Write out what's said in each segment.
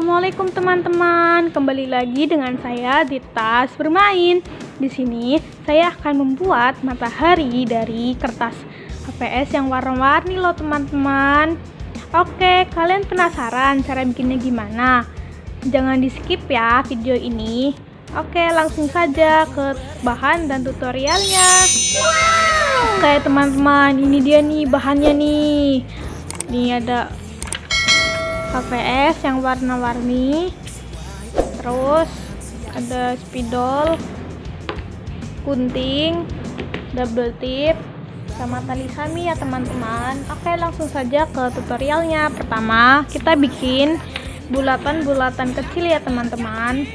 Assalamualaikum teman-teman. Kembali lagi dengan saya di tas bermain. Di sini saya akan membuat matahari dari kertas HPS yang warna-warni loh teman-teman. Oke, kalian penasaran cara bikinnya gimana? Jangan di skip ya video ini. Oke, langsung saja ke bahan dan tutorialnya. Wow. Oke teman-teman, ini dia nih bahannya nih. Ini ada HVS yang warna-warni terus ada spidol gunting double tip sama tali sami ya teman-teman oke langsung saja ke tutorialnya pertama kita bikin bulatan-bulatan kecil ya teman-teman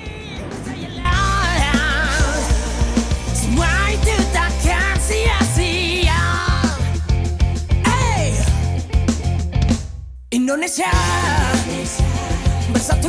Indonesia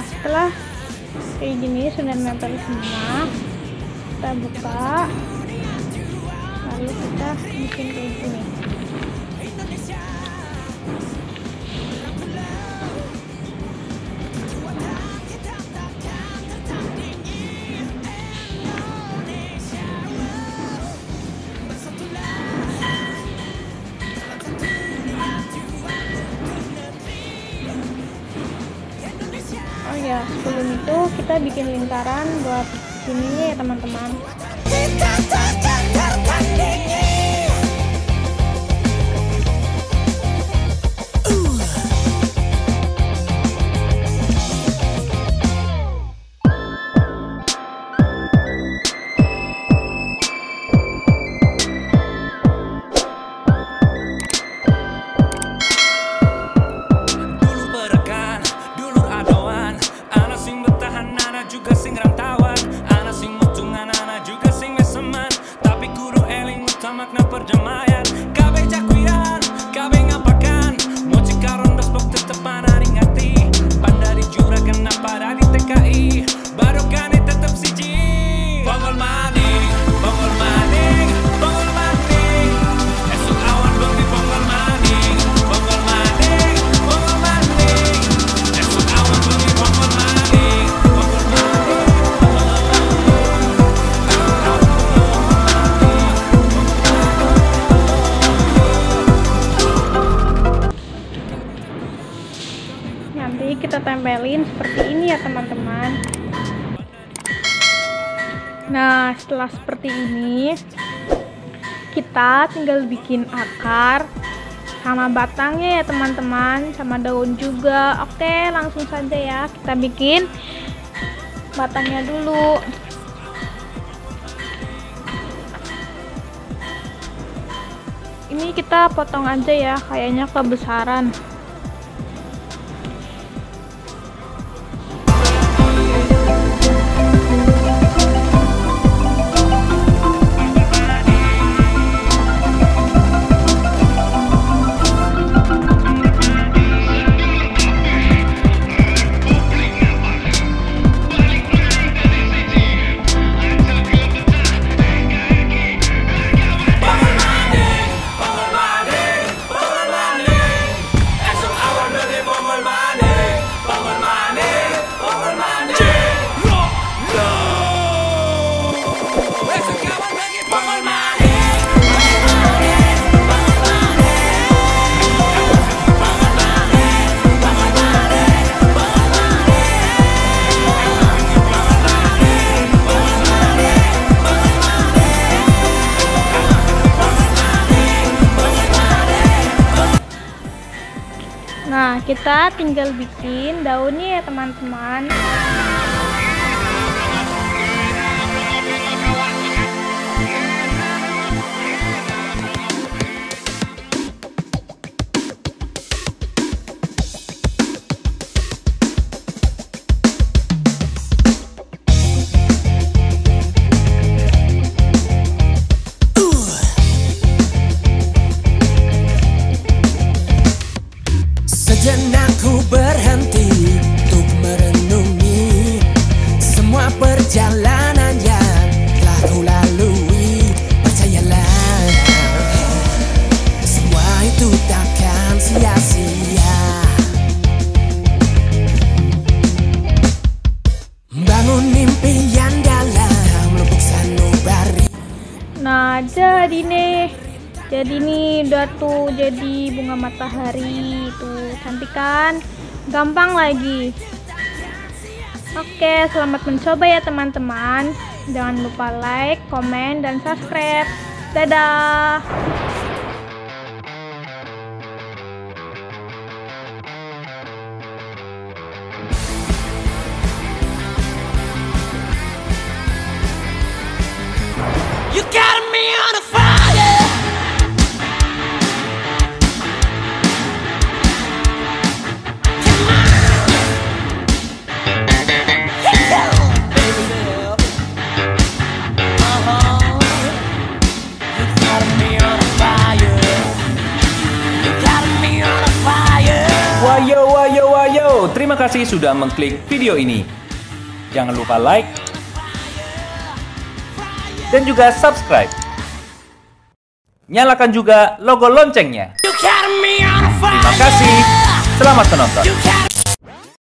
nah setelah kayak gini sudah nempel semua kita buka lalu kita bikin kayak gini ya sebelum itu kita bikin lingkaran buat sini ya teman-teman nanti kita tempelin seperti ini ya teman-teman nah setelah seperti ini kita tinggal bikin akar sama batangnya ya teman-teman sama daun juga oke langsung saja ya kita bikin batangnya dulu ini kita potong aja ya kayaknya kebesaran kita tinggal bikin daunnya ya teman-teman jadi nih udah tuh jadi bunga matahari tuh cantik kan gampang lagi oke selamat mencoba ya teman-teman jangan lupa like, komen, dan subscribe dadah kasih sudah mengklik video ini. Jangan lupa like dan juga subscribe. Nyalakan juga logo loncengnya. Terima kasih. Selamat menonton.